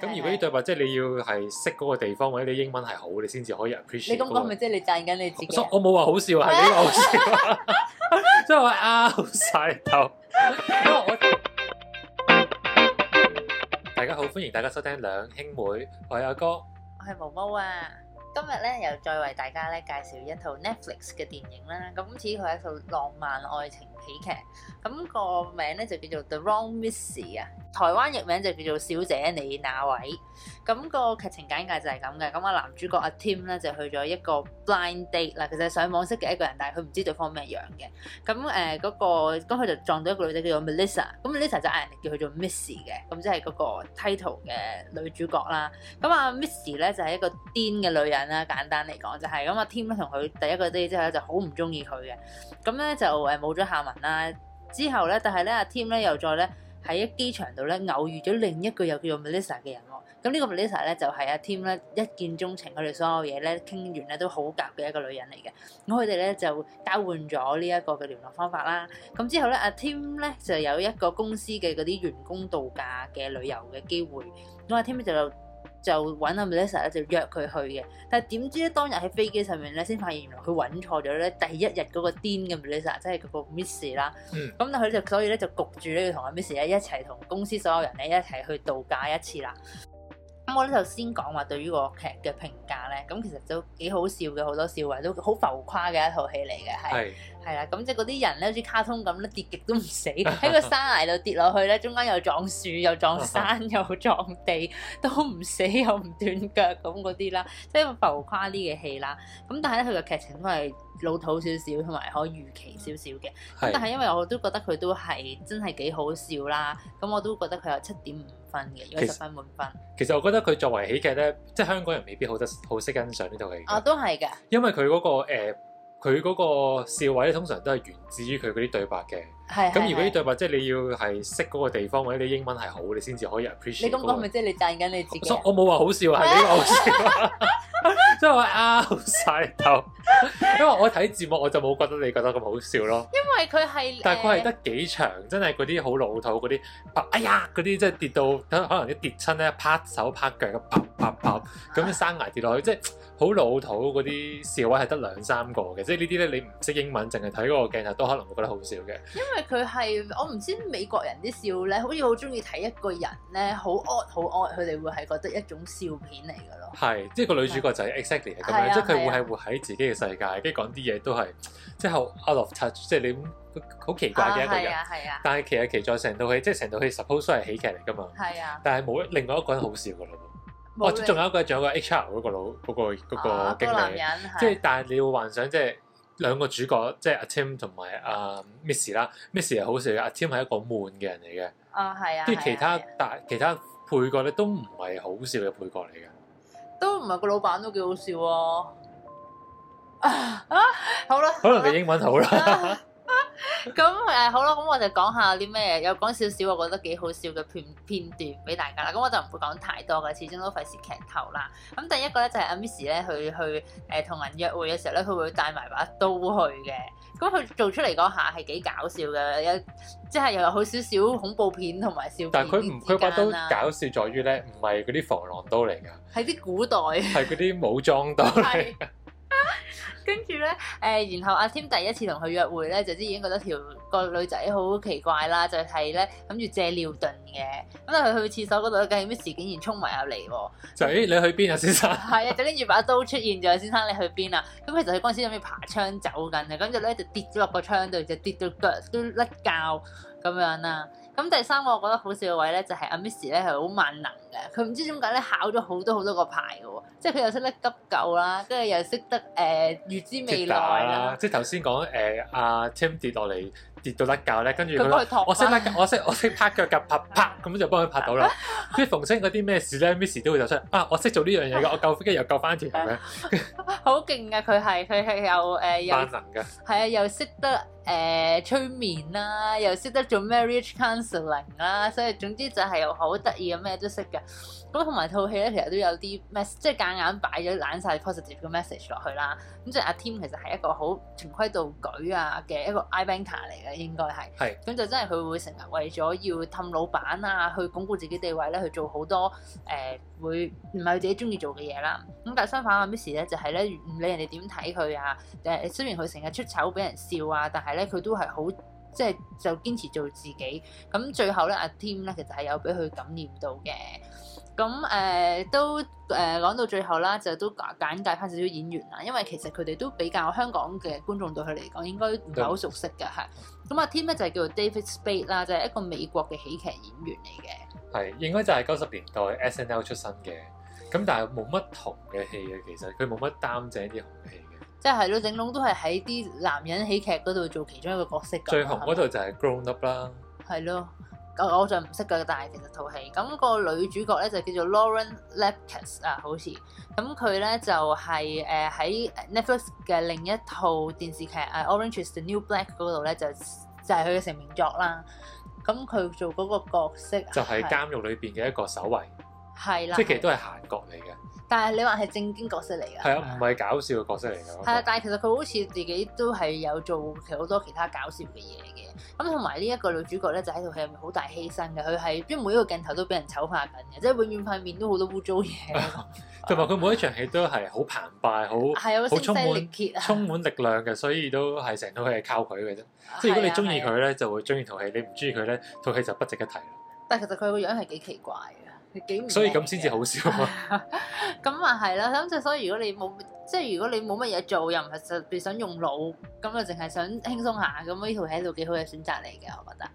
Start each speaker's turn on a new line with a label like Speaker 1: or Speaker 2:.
Speaker 1: 咁如果啲對白即係你要係識嗰個地方或者你英文係好，你先至可以 appreciate。你咁講咪
Speaker 2: 即係你讚緊你自己。我
Speaker 1: 冇話好笑啊，你話好笑。
Speaker 2: 即
Speaker 1: 係我拗曬頭。大家好，歡迎大家收聽兩兄妹。我係阿哥。我
Speaker 2: 係毛毛啊。今日咧又再為大家咧介紹一套 Netflix 嘅電影啦。咁，似佢係一套浪漫愛情，喜劇咁、那個名咧就叫做 The Wrong Missy 啊，台灣譯名就叫做小姐你哪位，咁個劇情簡介就係咁嘅，咁、那、啊、個、男主角阿、啊、Tim 咧就去咗一個 blind date 嗱，其實係上網識嘅一個人，但係佢唔知對方咩樣嘅，咁誒嗰個咁佢、那個、就撞到一個女仔叫做 Melissa，咁 Melissa 就嗌人哋叫佢做 Missy 嘅，咁即係嗰個 title 嘅女主角啦。咁啊 Missy 咧就係、是、一個癲嘅女人啦，簡單嚟講就係、是，咁阿 Tim 咧同佢第一個 date 之後咧就好唔中意佢嘅，咁咧就誒冇咗喊啦，之後咧，但係咧，阿 Tim 咧又再咧喺機場度咧偶遇咗另一個又叫做 Melissa 嘅人喎。咁呢個 Melissa 咧就係阿 Tim 咧一見鍾情，佢哋所有嘢咧傾完咧都好夾嘅一個女人嚟嘅。咁佢哋咧就交換咗呢一個嘅聯絡方法啦。咁之後咧，阿 Tim 咧就有一個公司嘅嗰啲員工度假嘅旅遊嘅機會，咁阿 Tim 呢就。就揾阿、啊、Melissa 咧，就約佢去嘅。但係點知咧，當日喺飛機上面咧，先發現原來佢揾錯咗咧。第一日嗰個癲嘅 Melissa，即係嗰個 Miss 啦。咁咧佢就所以咧就焗住咧要同阿 Melissa 一齊同公司所有人咧一齊去度假一次啦。咁 我，我呢，就先講話對於個劇嘅評價咧，咁其實都幾好笑嘅，好多笑話都好浮誇嘅一套戲嚟嘅，係。係啦，咁即係嗰啲人咧，好似卡通咁咧，跌極都
Speaker 1: 唔死，喺 個山
Speaker 2: 崖度跌落去咧，中間又撞樹，又撞山， 又撞地，都唔死又唔斷腳咁嗰啲啦，即係浮誇啲嘅戲啦。咁但係咧，佢嘅劇情都係老土少少，同埋可以預期少少嘅。的但係因為我都覺得佢都係真係幾好笑啦，咁我都覺得佢有七點五分嘅，如果十分滿分
Speaker 1: 其。其實我覺得佢作為喜劇咧，即係香港人未必好得好識欣賞呢套戲。哦、啊，
Speaker 2: 都係嘅。
Speaker 1: 因為佢嗰、那個誒。呃佢嗰個笑位咧，通常都係源自於佢嗰啲對白嘅。係係。咁如果啲對白即係你要係識嗰個地方或者你英文係好，你先至可以 appreciate。那個、你咁講咪
Speaker 2: 即係你讚緊你自己？
Speaker 1: 我冇話好笑，係你話好笑？即係 我拗晒頭， 因為我睇字幕我就冇覺得你覺得咁好笑咯。
Speaker 2: 因為佢係但係佢係得
Speaker 1: 幾長，真係嗰啲好老土嗰啲哎呀嗰啲即係跌到，可能可能一跌親咧，拍手拍腳。拍啪啪咁生崖跌落去，即係好老土嗰啲笑位係得兩三個嘅，即係呢啲咧你唔識英文淨係睇嗰個鏡頭都可能會覺得好笑嘅。
Speaker 2: 因為佢係我唔知美國人啲笑咧，好似好中意睇一個人咧好 odd 好 odd，佢哋會係覺得一種笑片嚟嘅
Speaker 1: 咯。係，即係個女主角就係 exactly 咁樣，即係佢會係活喺自己嘅世界，跟住講啲嘢都係，即係好 out of touch，即係你好奇怪嘅一個人。係啊。但係其實其在成套戲，即係成套戲 suppose 係喜劇嚟噶嘛。係啊。但係冇另外一個人好笑噶咯。哇！仲、哦、有一個，仲有一個 HR 嗰個老嗰、嗰個嗰、嗰個經理，即係、啊、但係你要幻想，即、就、係、是、兩個主角，即係阿 Tim 同埋阿 Miss 啦，Miss 係好笑嘅，阿 Tim 係一個悶嘅人嚟嘅。哦，
Speaker 2: 係啊。啲、啊、其
Speaker 1: 他大、啊、其他配角咧都唔係好笑嘅配角嚟嘅。
Speaker 2: 都唔係個老闆都幾好笑喎。啊啊！好啦，
Speaker 1: 可能你英文好啦、啊。啊
Speaker 2: 咁誒、嗯嗯、好啦，咁、嗯、我就講下啲咩，有講少少我覺得幾好笑嘅片片段俾大家啦。咁、嗯、我就唔會講太多嘅，始終都費事劇頭啦。咁、嗯、第一個咧就係阿 m i s s 咧，佢去誒同、呃、人約會嘅時候咧，佢會帶埋把刀去嘅。咁、嗯、佢做出嚟嗰下係幾搞笑嘅，有即係又有好少少恐怖片同埋笑片。但係佢唔，佢把刀搞
Speaker 1: 笑在於咧，唔係嗰啲防狼刀嚟噶，
Speaker 2: 係啲古代，係
Speaker 1: 嗰啲武裝刀。
Speaker 2: 跟住咧，誒， 然後阿、啊、添第一次同佢約會咧，就知已經覺得條。個女仔好奇怪啦，就係咧諗住借尿遁嘅，咁但係去廁所嗰度咧，阿 Miss 竟然衝埋入嚟喎。
Speaker 1: 就係誒你去邊啊，先生？
Speaker 2: 係啊， 就拎住把刀出現咗，先生你去邊啊？咁其實佢嗰陣時諗住爬窗走緊嘅，咁就咧就跌咗落個窗度，就跌到腳都甩骹咁樣啦。咁第三個我覺得好笑嘅位咧，就係阿 Miss 咧係好萬能嘅，佢唔知點解咧考咗好多好多個牌嘅喎，即係佢又識得急救啦，跟住又識得誒預知未來啦。
Speaker 1: 即係頭先講誒阿 Tim 跌落嚟。跌到甩臼咧，跟住佢，我識甩我識我識拍腳夾啪啪，咁就幫佢拍到啦。跟 逢星嗰啲咩事咧，Miss 都會走出嚟。啊，我識做呢樣嘢嘅，我救跟住又救翻住嘅。
Speaker 2: 好勁啊！佢係佢係有誒萬能嘅，係啊又識得。誒、呃、催眠啦、啊，又識得做 marriage counselling 啦、啊，所以總之就係又好得意嘅，咩都識嘅。咁同埋套戲咧，其實都有啲 message 即係硬硬擺咗攬晒 positive 嘅 message 落去啦。咁、嗯、即係阿 Tim 其實係一個好循規蹈矩啊嘅一個 I banker 嚟嘅，應該係。咁是、嗯、就真係佢會成日為咗要氹老闆啊，去鞏固自己地位咧，去做好多誒、呃、會唔係佢自己中意做嘅嘢啦。咁但係相反阿 Miss 咧就係咧唔理人哋點睇佢啊，誒雖然佢成日出醜俾人笑啊，但係。咧佢都係好即係就堅持做自己，咁最後咧阿 Tim 咧其實係有俾佢感染到嘅，咁誒、呃、都誒講、呃、到最後啦，就都簡介翻少少演員啦，因為其實佢哋都比較香港嘅觀眾對佢嚟講應該唔係好熟悉嘅。係咁阿 Tim 咧就係叫做 David Spade 啦，就係、是、一個美國嘅喜劇演員嚟嘅，
Speaker 1: 係應該就係九十年代 SNL 出身嘅，咁但係冇乜同嘅戲嘅，其實佢冇乜擔正啲紅戲。
Speaker 2: 即係咯，整籠都係喺啲男人喜劇嗰度做其中一個角色。最紅嗰套
Speaker 1: 就係《Grown Up》啦。
Speaker 2: 係咯，我我就唔識噶，但係其實套戲咁個女主角咧就叫做 Lauren Lapkus 啊，好似咁佢咧就係誒喺 Netflix 嘅另一套電視劇《Orange Is the New Black》嗰度咧就就係佢嘅成名作啦。咁佢做嗰個角色就係監
Speaker 1: 獄裏邊嘅一個守衞。
Speaker 2: 係啦，即係其實都係
Speaker 1: 閒角嚟嘅。
Speaker 2: 但係你話係正經角色嚟㗎，係啊，
Speaker 1: 唔係搞笑嘅角色嚟㗎。係啊，
Speaker 2: 但係其實佢好似自己都係有做其實好多其他搞笑嘅嘢嘅。咁同埋呢一個女主角咧，就喺套戲入面好大犧牲嘅。佢係因為每一個鏡頭都俾人醜化緊嘅，即係永遠塊面都好多污糟嘢。
Speaker 1: 同埋佢每一場戲都係好澎湃、好好充滿充滿力量嘅，所以都係成套戲係靠佢嘅啫。即
Speaker 2: 係如果你中意佢
Speaker 1: 咧，就會中意套戲；你唔中意佢咧，套戲就不值一提。
Speaker 2: 但其實佢個樣係幾奇怪嘅，幾唔，所以
Speaker 1: 咁先至好笑，啊。 啊嘛。
Speaker 2: 咁啊係啦，咁即係所以如果你冇，即係如果你冇乜嘢做，又唔係特別想用腦，咁就淨係想輕鬆下，咁呢套係一度幾好嘅選擇嚟嘅，我覺得。